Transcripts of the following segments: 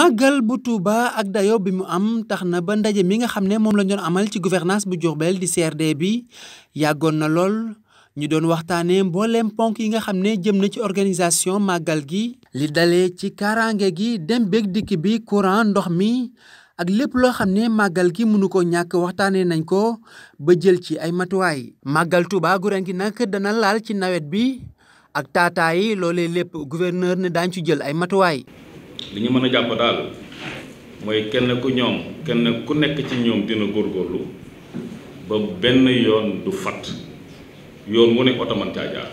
màggal bu Touba ak dayo bi mu am tax na ba ndaje mi nga xam ne moom lañ doon amal ci gouvernance bu Diourbel di CRD bi yàggoon na lool ñu doon waxtaanee mbooleem ponk yi nga xam ne jëm na ci organisation màggal gi. li dale ci kaaraange gi dem beeg dikk bi courant ndox mi ak lépp loo xam ne màggal gi mënu ko ñàkk waxtaanee nañ ko ba jël ci ay matuwaay. màggal Touba gu ren gi nag dana laal ci nawet bi ak taataa yi loolee lépp gouverneur ne daañ ci jël ay matuwaay. li ñu mën a jàpp daal mooy kenn ku ñoom kenn ku nekk ci ñoom dina góorgóorlu ba benn yoon du fatt yoon wu ne oto caa jaar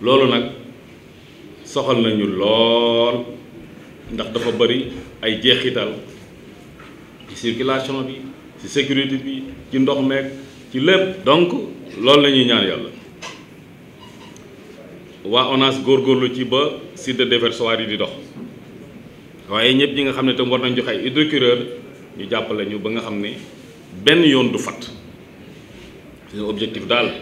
loolu nag soxal nañu lool ndax dafa bari ay jeexital ci circulation bi ci sécurité bi ci ndox meeg ci lépp donc loolu la ñuy ñaan yàlla waa góor góorgóorlu ci ba site de déversoir yi di dox waaye ñëpp ñi nga xam ne tam war nañ joxe ay hydrocureur ñu jàppale ñu ba nga xam ne benn yoon du fat suñu objectif daal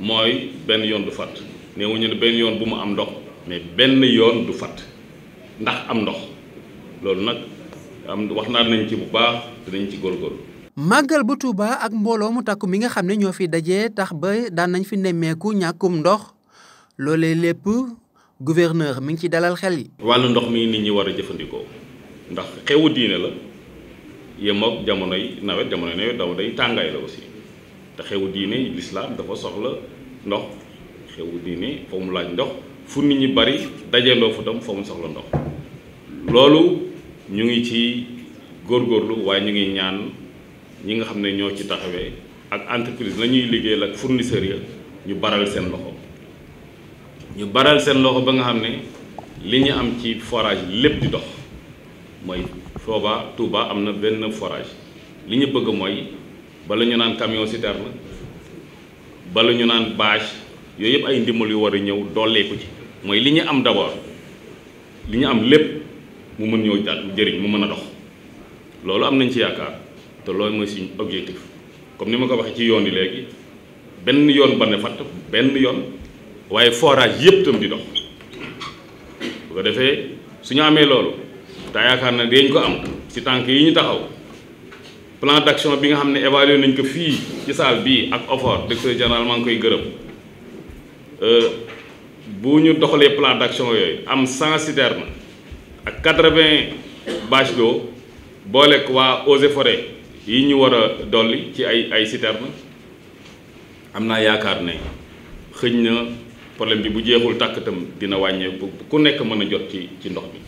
mooy benn yoon du fat néewuñu ne benn yoon bu mu am ndox mais benn yoon du fat ndax am ndox loolu nag am wax naa nañu ci bu baax dinañ ci góorgóorlu màggal bu Tuuba ak mbooloo mu takku mi nga xam ne ñoo fi daje tax ba daan nañ fi nemmeeku ñàkkum ndox loolee lépp gouverneur mi ngi ci dalal xel yi. wàllu ndox mi nit ñi war a jëfandikoo ndax xewu diine la yem ak jamonoy nawet jamonoy nawet daw day tàngaay la aussi te xewu diine lislaam dafa soxla ndox xewu diine foo mu laaj ndox fu nit ñi bari dajeendoo fa tam foo mu soxla ndox loolu ñu ngi ci góor góorlu waaye ñu ngi ñaan ñi nga xam ne ñoo ci taxawee ak entreprise la ñuy liggéeyal ak fournisseurs ya ñu baral seen loxo. ñu baral seen loxo ba nga xam ne li ñu am ci forage lépp di dox mooy Fooba Touba am na benn forage li ñu bëgg mooy bala ñu naan camion citerne bala ñu naan bâche yooyu yëpp ay ndimbal yu war a ñëw dooleeku ci mooy li ñu am d'abord li ñu am lépp mu mën ñëw daal jëriñ mu mën a dox loolu am nañ ci yaakaar te loolu mooy suñu objectif comme ni ma ko waxee ci yoon yi léegi benn yoon ba ne fatt benn yoon waaye forage yëpp tam di dox bu ko defee su ñu amee loolu te yaakaar na dañ ko am ci tànk yi ñu taxaw plan bi nga xam ne évalué nañ ko fii ci salle bii ak OFOR directeur général maa ngi koy gërëm euh, bu ñu doxalee plan d'action yooyu am 100 citernes ak 80 bâche d'eau boole ko waa eaux et yi ñu war a dolli ci ay ay citernes am naa yaakaar ne xëñ na. problème bi bu jeexul tàkk itam dina wàññeeku ku nekk mën jot ci ci ndox mi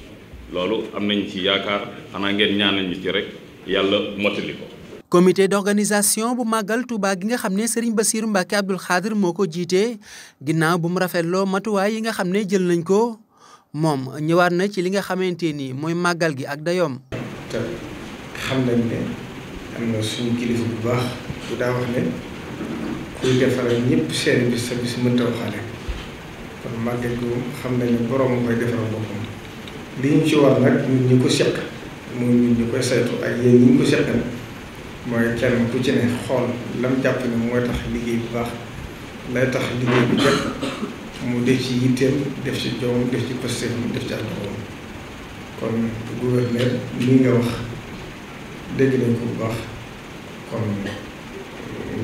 loolu am nañ ci yaakaar xanaa ngeen ñaanal ñu ci rek yàlla motali ko. comité d'organisation bu màggal Touba gi nga xam ne sëriñ Bassirou Mbacké Abdoul moo ko jiite ginnaaw bu mu rafetloo matuwaay yi nga xam ne jël nañ ko moom ñëwaat na ci li nga xamante ni mooy màggal gi ak dayoom. te daa wax ne kuy defaral ñëpp seen bis sa bis mënta waxaale màgget gu xam nañ ne borom koy defaral boppam li ñu ci war nag ñun ñu ko seq mu ñun ñu koy saytu ak yéen ñi ñu ko seqal mooy kenn ku ci ne xool lam jàpp ne mooy tax liggéey bu baax lay tax liggéey bu jot mu def ci yitteem def ci jom def ci posté def ci àll kon gouverneur lii nga wax dégg nañ ko bu baax kon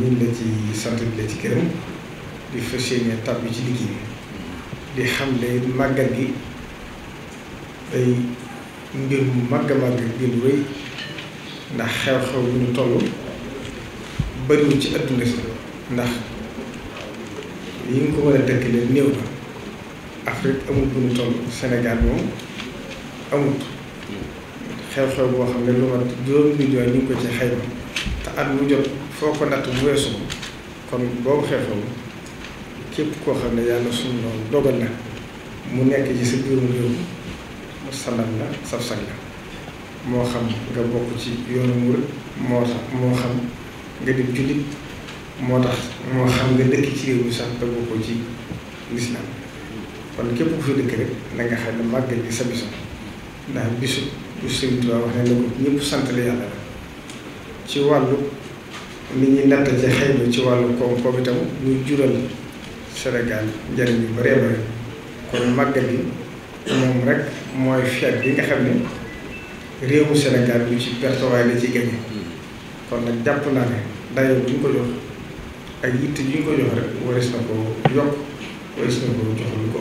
ñu la ci sant ci gërëm di fas yéene tàbbi ci liggéey bi. di xam le màggal gi day ngir mu màgg a màgg ngir wéy ndax xew-xew yu ñu toll bëriwul ci adduna si ndax yi nga ko mën a dëkkale néew na Afrique amul bu ñu toll Sénégal moom amut xew-xew boo xam ne lu mat juróomi million ñu ngi ko ci xayma te at mu jot foo ko natt bu weesu kon boobu xew-xew képp koo xam ne yàlla suñu noonu dogal na mu nekk ci sa biirum réew mu sanal na sab sag la moo xam nga bokk ci yoonu mu moo tax moo xam nga di jullit moo tax moo xam nga dëkk ci réew mi sax te bokkoo ci lislaam kon képp ku fi dëkk rek na xam ne màggal gi sa bisu ndax bisu bu Sëriñ Tuubaa wax ne na ko ñëpp sant la yàlla la ci wàllu nit ñi natt ci xëy ci wàllu koom-koom itam muy jural Sénégal njëriñ yu bëree bëri kon màggal moom rek mooy fête bi nga xam ne réewu Sénégal ñu ci perte waaye la ci gagné kon nag jàpp naa ne dayoo bu ñu ko jox ak yitte yu ñu ko jox rek waris na ko yokk waris na ko jox lu ko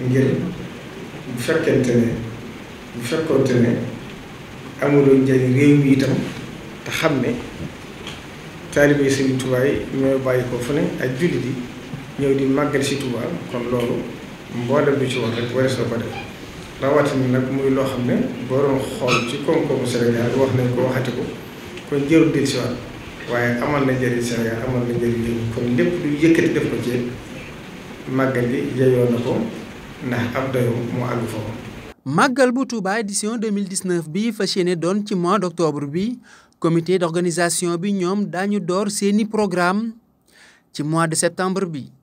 ëpp ngir bu fekkente ne bu fekkoonte ne amuloo njëriñ réew mi itam te xam ne taalibe Sëriñ Tuubaa yi ñooy bàyyi ko fu ne ak jullit yi ñëw di màggal si Touba kon loolu mboolem bi ci woon rek warees na ko def rawatina nag muy loo xam ne boo doon xool ci koom-koomu Sénégal wax nañ ko waxati ko kon jërul del si waat waaye amal na njëriñ Sénégal amal na njëriñ kon lépp lu yëkkati def ko ci màggal gi yeyoo na ko ndax ab dayoo moo àgg foofu. màggal bu Touba édition bi fas yéene doon ci mois d'octobre bi comité d'organisation bi ñoom daañu door seeni programme ci mois de septembre bi.